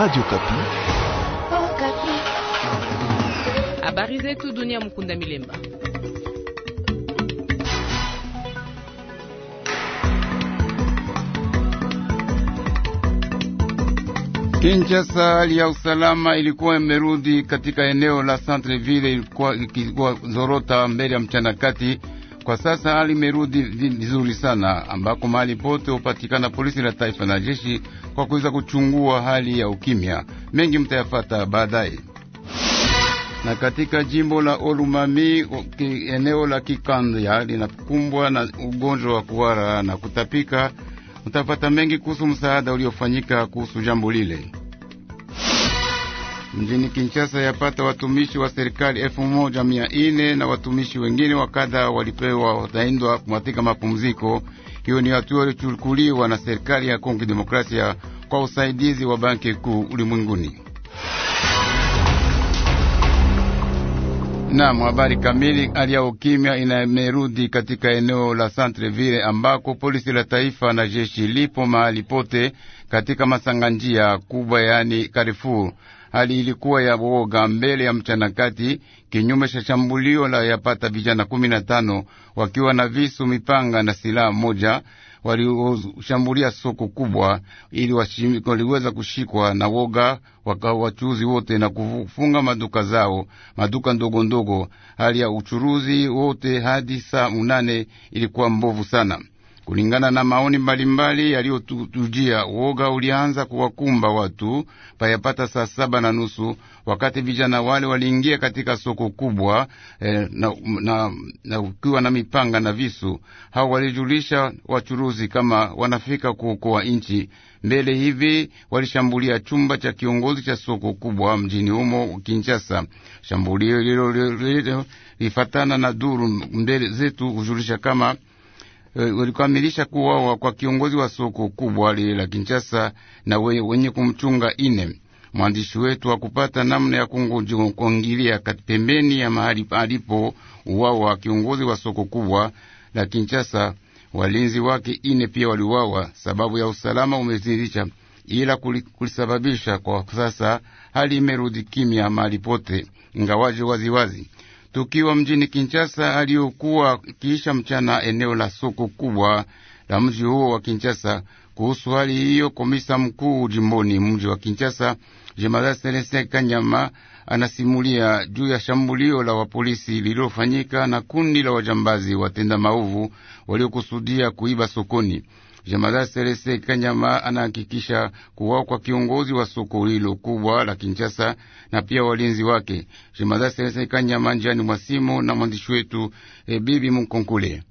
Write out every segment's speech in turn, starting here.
Radio Kapi. Oh, Kapi. Habari zetu dunia mkunda milemba. Kinshasa, hali ya usalama ilikuwa imerudi katika eneo la Centre Ville, ilikuwa ikizorota mbele ya mchana kati kwa sasa hali imerudi vizuri sana, ambako mahali pote hupatikana polisi la taifa na jeshi kwa kuweza kuchungua hali ya ukimya. Mengi mtayafata baadaye. Na katika jimbo la Olumami, eneo la Kikandya linakumbwa na ugonjwa wa kuhara na kutapika. Mtapata mengi kuhusu msaada uliofanyika kuhusu jambo lile. Mjini Kinshasa yapata watumishi wa serikali elfu moja mia ine na watumishi wengine wa kadha walipewa wataindwa kumatika mapumziko. Hiyo ni hatua ilichukuliwa na serikali ya Kongo Demokrasia kwa usaidizi wa Banki Kuu ulimwenguni. Nam, habari kamili. Hali ya ukimya inamerudi katika eneo la Centre ambako polisi la taifa na jeshi lipo mahali pote katika masanganjia kubwa, yaani Carrefour hali ilikuwa ya woga mbele ya mchanakati, kinyume cha shambulio la yapata vijana kumi na tano wakiwa na visu, mipanga na silaha moja walioshambulia soko kubwa ili waliweza kushikwa na woga wachuuzi wote na kufunga maduka zao, maduka ndogo ndogo. Hali ya uchuruzi wote hadi saa munane ilikuwa mbovu sana. Kulingana na maoni mbalimbali yaliyotujia, woga ulianza kuwakumba watu payapata saa saba na nusu wakati vijana wale waliingia katika soko kubwa eh, na, na, na ukiwa na mipanga na visu. Hao walijulisha wachuruzi kama wanafika kuokoa nchi. Mbele hivi walishambulia chumba cha kiongozi cha soko kubwa mjini humo Kinshasa. Shambulio lilo lifatana na duru mbele zetu hujulisha kama ulikamilisha eh, kuwawa kwa kiongozi wa soko kubwa lile la Kinshasa na wenye kumchunga ine. Mwandishi wetu akupata namna ya kungilia pembeni ya mahali alipo uwawa kiongozi wa soko kubwa la Kinshasa. Walinzi wake ine pia waliuawa, sababu ya usalama umezidisha, ila kulisababisha kwa sasa hali imerudi kimya mahali pote, ingawaje waziwazi tukiwa mjini Kinshasa aliyokuwa kiisha mchana eneo la soko kubwa la mji huo wa Kinshasa. Kuhusu hali hiyo, komisa mkuu jimboni mji wa Kinshasa Jemada Selese Kanyama anasimulia juu ya shambulio la wapolisi lililofanyika na kundi la wajambazi watenda maovu waliokusudia kuiba sokoni. Jemadari Selese Kanyama anahakikisha kuwa kwa kiongozi wa soko hilo kubwa la Kinshasa na pia walinzi wake. Jemadari Selese Kanyama njiani mwa simu na mwandishi wetu e, bibi Mkonkule.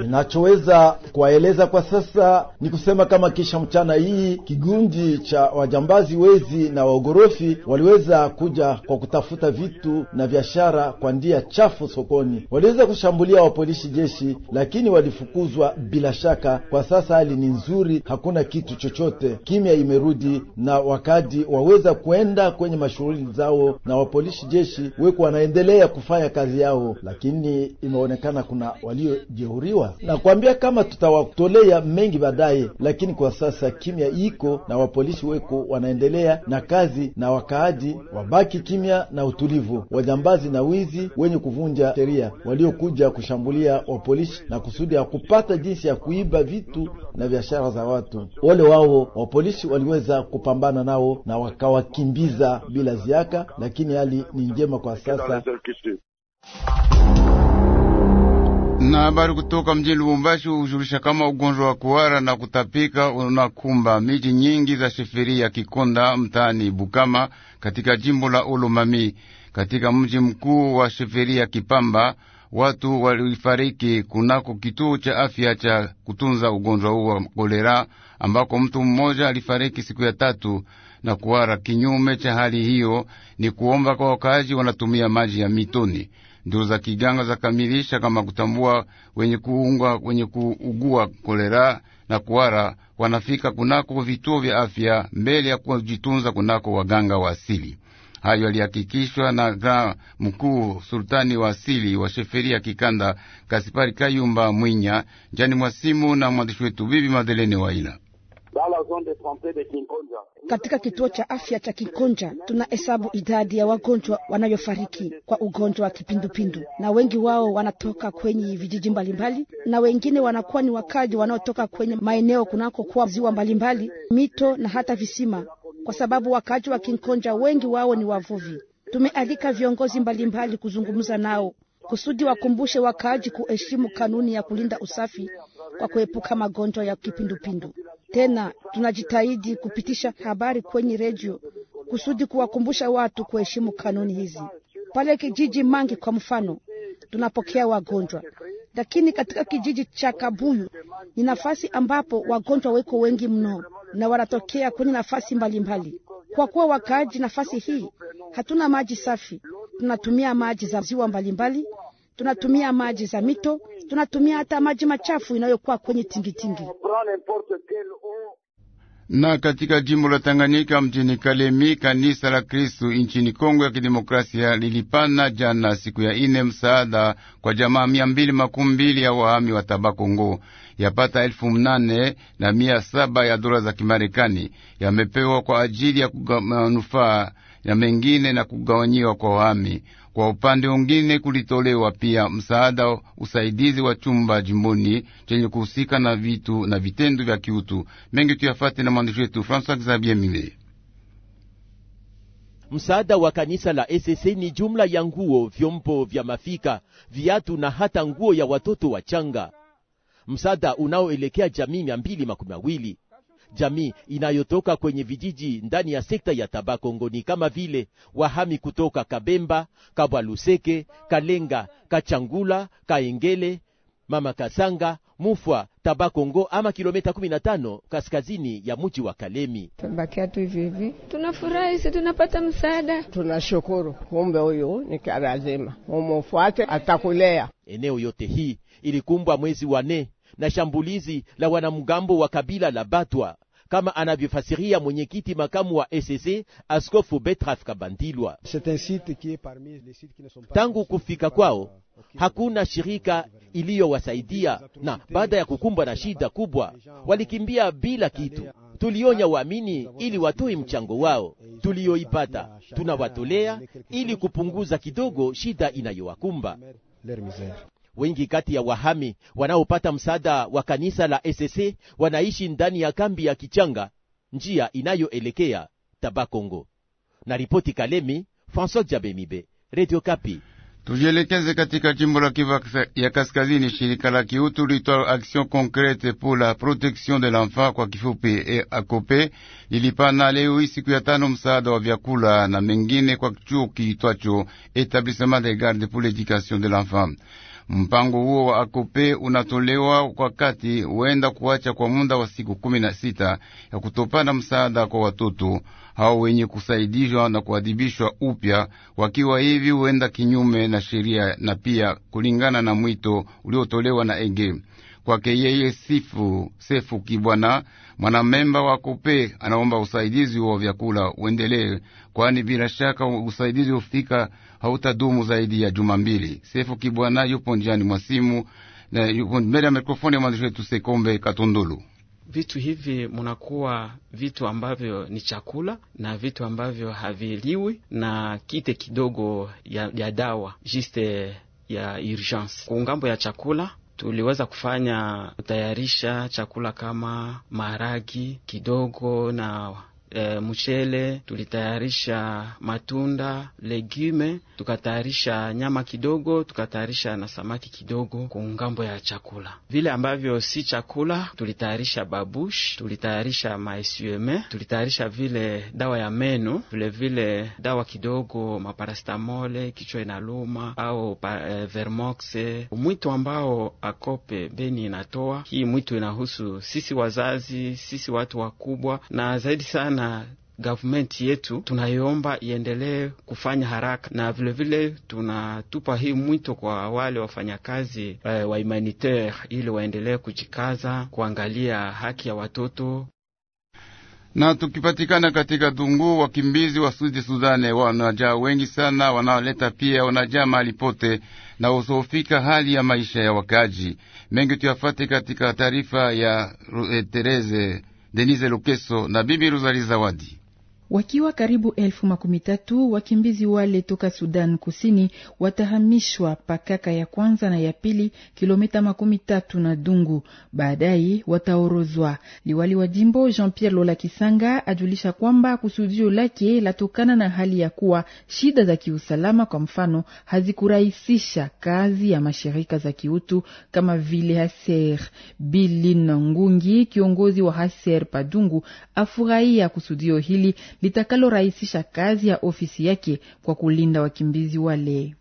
Ninachoweza kuwaeleza kwa sasa ni kusema kama kisha mchana hii kigundi cha wajambazi, wezi na waogorofi waliweza kuja kwa kutafuta vitu na biashara kwa njia chafu sokoni. Waliweza kushambulia wapolishi jeshi, lakini walifukuzwa bila shaka. Kwa sasa hali ni nzuri, hakuna kitu chochote, kimya imerudi na wakati waweza kuenda kwenye mashughuli zao, na wapolishi jeshi weku wanaendelea kufanya kazi yao, lakini imeonekana kuna walio waliojeuriwa na kuambia kama tutawatolea mengi baadaye, lakini kwa sasa kimya iko na wapolisi weko wanaendelea na kazi, na wakaaji wabaki kimya na utulivu. Wajambazi na wizi wenye kuvunja sheria waliokuja kushambulia wapolisi na kusudi ya kupata jinsi ya kuiba vitu na biashara za watu wale, wao wapolisi waliweza kupambana nao na wakawakimbiza bila ziaka, lakini hali ni njema kwa sasa. Na habari kutoka mjini Lubumbashi hujulisha kama ugonjwa wa kuhara na kutapika unakumba miji nyingi za sheferi ya Kikonda mtaani Bukama katika jimbo la Ulumami Katika mji mkuu wa sheferi ya Kipamba watu walifariki kunako kituo cha afya cha kutunza ugonjwa huu wa kolera, ambako mtu mmoja alifariki siku ya tatu na kuhara. Kinyume cha hali hiyo ni kuomba kwa wakaaji wanatumia maji ya mitoni nduru za kiganga za kamilisha kama kutambua wenye kuungwa wenye kuugua kolera na kuwara wanafika kunako vituo vya afya mbele ya kujitunza kunako waganga wa asili. Hayo yalihakikishwa na gra mkuu sultani wa asili wa sheferia kikanda Kasipari Kayumba Mwinya, njani mwasimu na mwandishi wetu Bibi Madeleni Waila. Katika kituo cha afya cha Kikonja tunahesabu idadi ya wagonjwa wanayofariki kwa ugonjwa wa kipindupindu, na wengi wao wanatoka kwenye vijiji mbalimbali, na wengine wanakuwa ni wakaji wanaotoka kwenye maeneo kunakokuwa ziwa mbalimbali, mito na hata visima, kwa sababu wakaji wa Kikonja wengi wao ni wavuvi. Tumealika viongozi mbalimbali kuzungumza nao kusudi wakumbushe wakaaji kuheshimu kanuni ya kulinda usafi kwa kuepuka magonjwa ya kipindupindu. Tena tunajitahidi kupitisha habari kwenye redio kusudi kuwakumbusha watu kuheshimu kanuni hizi. Pale kijiji Mangi kwa mfano, tunapokea wagonjwa, lakini katika kijiji cha Kabuyu ni nafasi ambapo wagonjwa weko wengi mno na wanatokea kwenye nafasi mbalimbali. Kwa kuwa wakaaji nafasi hii hatuna maji safi, tunatumia maji za ziwa mbalimbali tunatumia maji za mito, tunatumia hata maji machafu inayokuwa kwenye tingitingi na katika jimbo la Tanganyika mjini Kalemi, kanisa la Kristu nchini Kongo ya Kidemokrasia lilipana jana siku ya ine msaada kwa jamaa mia mbili makumi mbili ya wahami wa Tabakongo. Yapata elfu mnane na mia saba ya dola za Kimarekani yamepewa kwa ajili ya manufaa na mengine na kugawanyiwa kwa wami. Kwa upande ungine, kulitolewa pia msaada usaidizi wa chumba jimboni chenye kuhusika na vitu na vitendo vya kiutu. Mengi tuyafate na mwandishi wetu Francois Xavier Mile. Msaada wa kanisa la ECC ni jumla ya nguo, vyombo vya mafika, viatu na hata nguo ya watoto wachanga, msaada unaoelekea jamii mia mbili makumi mawili jamii inayotoka kwenye vijiji ndani ya sekta ya Tabakongoni ni kama vile wahami kutoka Kabemba, Kabwaluseke, Kalenga, Kachangula, Kaengele, Mama Kasanga, Mufwa, Tabakongo ama kilomita 15 kaskazini ya mji wa Kalemi. Tabakia tu hivi hivi. Tunafurahi si tunapata msaada. Tunashukuru. Kumbe huyu ni lazima. Umufuate atakulea. Eneo yote hii ilikumbwa mwezi wa nne na shambulizi la wanamgambo wa kabila la Batwa, kama anavyofasiria mwenyekiti makamu wa ss Askofu Betraf Kabandilwa. Tangu kufika kwao euh, hakuna shirika iliyowasaidia, na baada ya kukumbwa na shida kubwa walikimbia bila kitu. Tulionya waamini ili watoe mchango wao, tuliyoipata tunawatolea ili kupunguza kidogo shida inayowakumba. Wengi kati ya wahami wanaopata msaada wa kanisa la ss wanaishi ndani ya kambi ya Kichanga, njia inayoelekea Tabakongo. Na ripoti Kalemi, François Jabemibe, Radio Kapi. Tujielekeze katika jimbo la Kivu ya Kaskazini. Shirika la kiutu litwa Action Concrete pour la Protection de l'Enfant, kwa kifupi e ACOPE, lilipana leo hii siku ya tano msaada wa vyakula na mengine kwa chuo kiitwacho Etablissement des Gardes pour l'Education de l'Enfant. Mpango huo wa akope unatolewa kwa kati huenda kuacha kwa muda wa siku kumi na sita ya kutopana msaada kwa watoto hao wenye kusaidishwa na kuadhibishwa upya, wakiwa hivi huenda kinyume na sheria na pia kulingana na mwito uliotolewa na Ege kwake yeye sifu Sefu Kibwana, mwanamemba wa Kope, anaomba usaidizi wa vyakula uendelee, kwani bila shaka usaidizi ufika hautadumu zaidi ya juma mbili. Sefu Kibwana yupo njiani mwa simu na yupo mbele ya mikrofoni ya mwandishi wetu Sekombe Katundulu. Vitu hivi munakuwa vitu ambavyo ni chakula na vitu ambavyo haviliwi na kite kidogo ya, ya dawa juste ya urgence kungambo ya chakula tuliweza kufanya kutayarisha chakula kama maharagi kidogo na e, mchele, tulitayarisha matunda, legume, tukatayarisha nyama kidogo, tukatayarisha na samaki kidogo kwa ngambo ya chakula. Vile ambavyo si chakula, tulitayarisha babush, tulitayarisha maesme, tulitayarisha vile dawa ya meno, vilevile dawa kidogo, maparastamole kichwa inaluma au pa, e, vermox. Mwito ambao akope beni inatoa hii mwito inahusu sisi wazazi, sisi watu wakubwa na zaidi sana na gavumenti yetu tunayomba iendelee kufanya haraka, na vilevile vile tunatupa hii mwito kwa wale wafanyakazi eh, wa humanitaire ili waendelee kujikaza kuangalia haki ya watoto. Na tukipatikana katika Dungu, wakimbizi wa Sudi Sudane wanajaa wengi sana, wanaoleta pia wanajaa mahali pote na usofika hali ya maisha ya wakaji mengi. Tuyafate katika taarifa ya eh, Tereze Denise Lukeso na Bibi Ruzali Zawadi. Wakiwa karibu elfu makumi tatu wakimbizi wale toka Sudan Kusini watahamishwa Pakaka ya kwanza na ya pili, kilomita makumi tatu na Dungu, baadaye wataorozwa. Liwali wa jimbo Jean Pierre Lola Kisanga ajulisha kwamba kusudio lake latokana na hali ya kuwa shida za kiusalama, kwa mfano, hazikurahisisha kazi ya mashirika za kiutu kama vile Haser. Bilin Ngungi, kiongozi wa Haser Padungu, afurahia kusudio hili litakalorahisisha kazi ya ofisi yake kwa kulinda wakimbizi wale.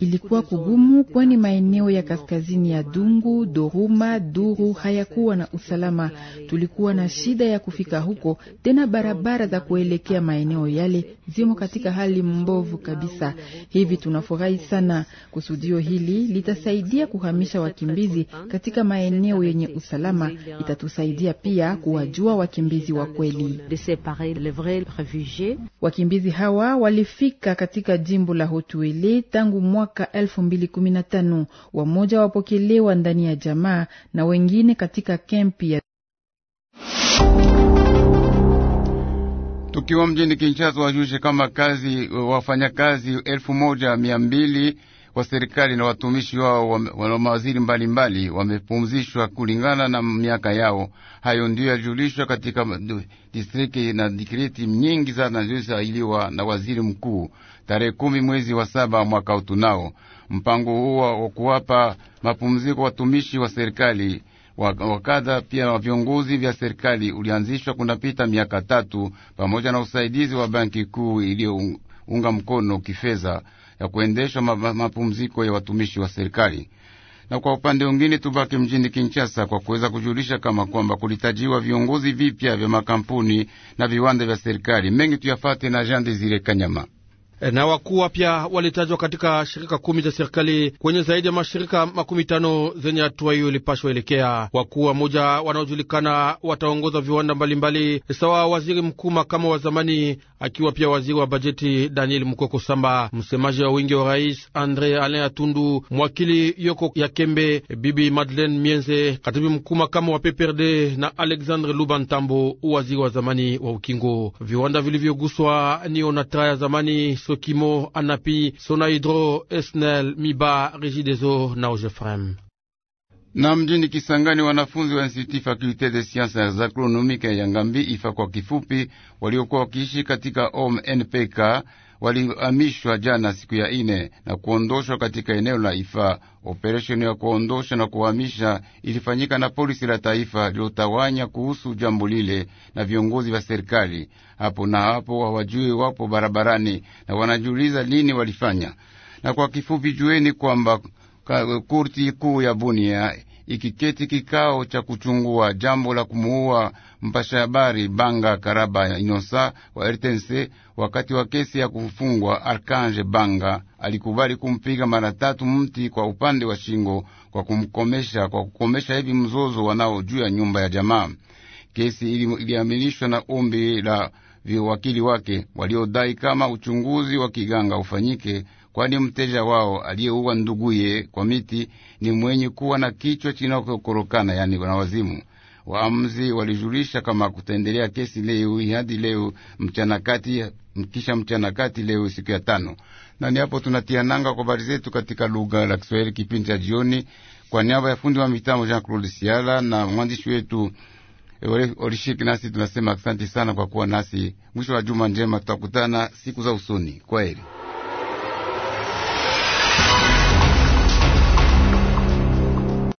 Ilikuwa kugumu, kwani maeneo ya kaskazini ya Dungu, Doruma, Duru hayakuwa na usalama. Tulikuwa na shida ya kufika huko, tena barabara za kuelekea maeneo yale zimo katika hali mbovu kabisa. Hivi tunafurahi sana. Kusudio hili litasaidia kuhamisha wakimbizi katika maeneo yenye usalama, itatusaidia pia kuwajua wakimbizi wa kweli. Wakimbizi hawa walifika wanatumika katika jimbo la Hotuele tangu mwaka 2015. Wamoja wapokelewa ndani ya jamaa na wengine katika kempi ya tukiwa mjini Kinshasa. Wajushe kama kazi wafanyakazi elfu moja mia mbili wa serikali na watumishi wao wa mawaziri mbalimbali wamepumzishwa kulingana na miaka yao. Hayo ndiyo yajulishwa katika distriki na dikriti nyingi sana zilizosailiwa na waziri mkuu tarehe kumi mwezi wa saba mwaka utunao. Mpango huo wa kuwapa mapumziko watumishi wa serikali wakadha pia wa viongozi vya serikali ulianzishwa kunapita miaka tatu, pamoja na usaidizi wa banki kuu iliyounga mkono kifedha ya kuendeshwa mapumziko ya watumishi wa serikali. Na kwa upande mwingine, tubaki mjini Kinshasa kwa kuweza kujulisha kama kwamba kulitajiwa viongozi vipya vya makampuni na viwanda vya serikali. Mengi tuyafate na Jean Desire Kanyama. Eh, na wakuu wapya walitajwa katika shirika kumi za serikali kwenye zaidi ya mashirika makumi tano zenye hatua hiyo ilipashwa elekea. Wakuu wa moja wanaojulikana wataongoza viwanda mbalimbali mbali, sawa waziri mkuu makama wa zamani akiwa pia waziri wa bajeti Daniel Mukoko Samba, msemaji wa wingi wa rais Andre Alain Atundu, mwakili Yoko ya Kembe, bibi Madeleine Mienze, katibu mkuu makama wa PPRD na Alexandre Luba Ntambo, waziri wa zamani wa ukingo. Viwanda vilivyoguswa ni Onatra ya zamani Sokimo, Anapi, Sonaidro, Esnel, Miba, Regideso na Ojefrem. Na mjini Kisangani, wanafunzi wa Institut Fakulte de Sciences za Agronomique ya Ngambi, IFA kwa kifupi, waliokuwa wakiishi katika OM NPK walihamishwa jana siku ya ine na kuondoshwa katika eneo la Ifa. Operesheni ya kuondosha na kuhamisha ilifanyika na polisi la taifa lilotawanya kuhusu jambo lile na viongozi wa serikali. Hapo na hapo hawajui wapo barabarani na wanajiuliza lini walifanya. Na kwa kifupi, jueni kwamba kurti kuu ya Bunia ikiketi kikao cha kuchungua jambo la kumuua mpasha habari Banga Karaba Inosa wa RTNC wakati wa kesi ya kufungwa. Arkange Banga alikubali kumpiga mara tatu mti kwa upande wa shingo kwa kumkomesha, kwa kukomesha hivi mzozo wanao juu ya nyumba ya jamaa. Kesi iliamilishwa na ombi la viwakili wake waliodai kama uchunguzi wa kiganga ufanyike kwani mteja wao aliyeuwa nduguye kwa miti ni mwenye kuwa na kichwa chinakokorokana, yani na wazimu. Waamuzi walijulisha kama kutendelea kesi leo hadi leo mchana kati kisha mchana kati leo siku ya tano. Na ni hapo tunatia nanga kwa habari zetu katika lugha la Kiswahili kipindi cha jioni, kwa niaba ya fundi wa mitambo Jean Claude Siala na mwandishi wetu Orishiki, nasi tunasema asante sana kwa kuwa nasi. Mwisho wa juma njema, tutakutana siku za usoni. Kwaheri.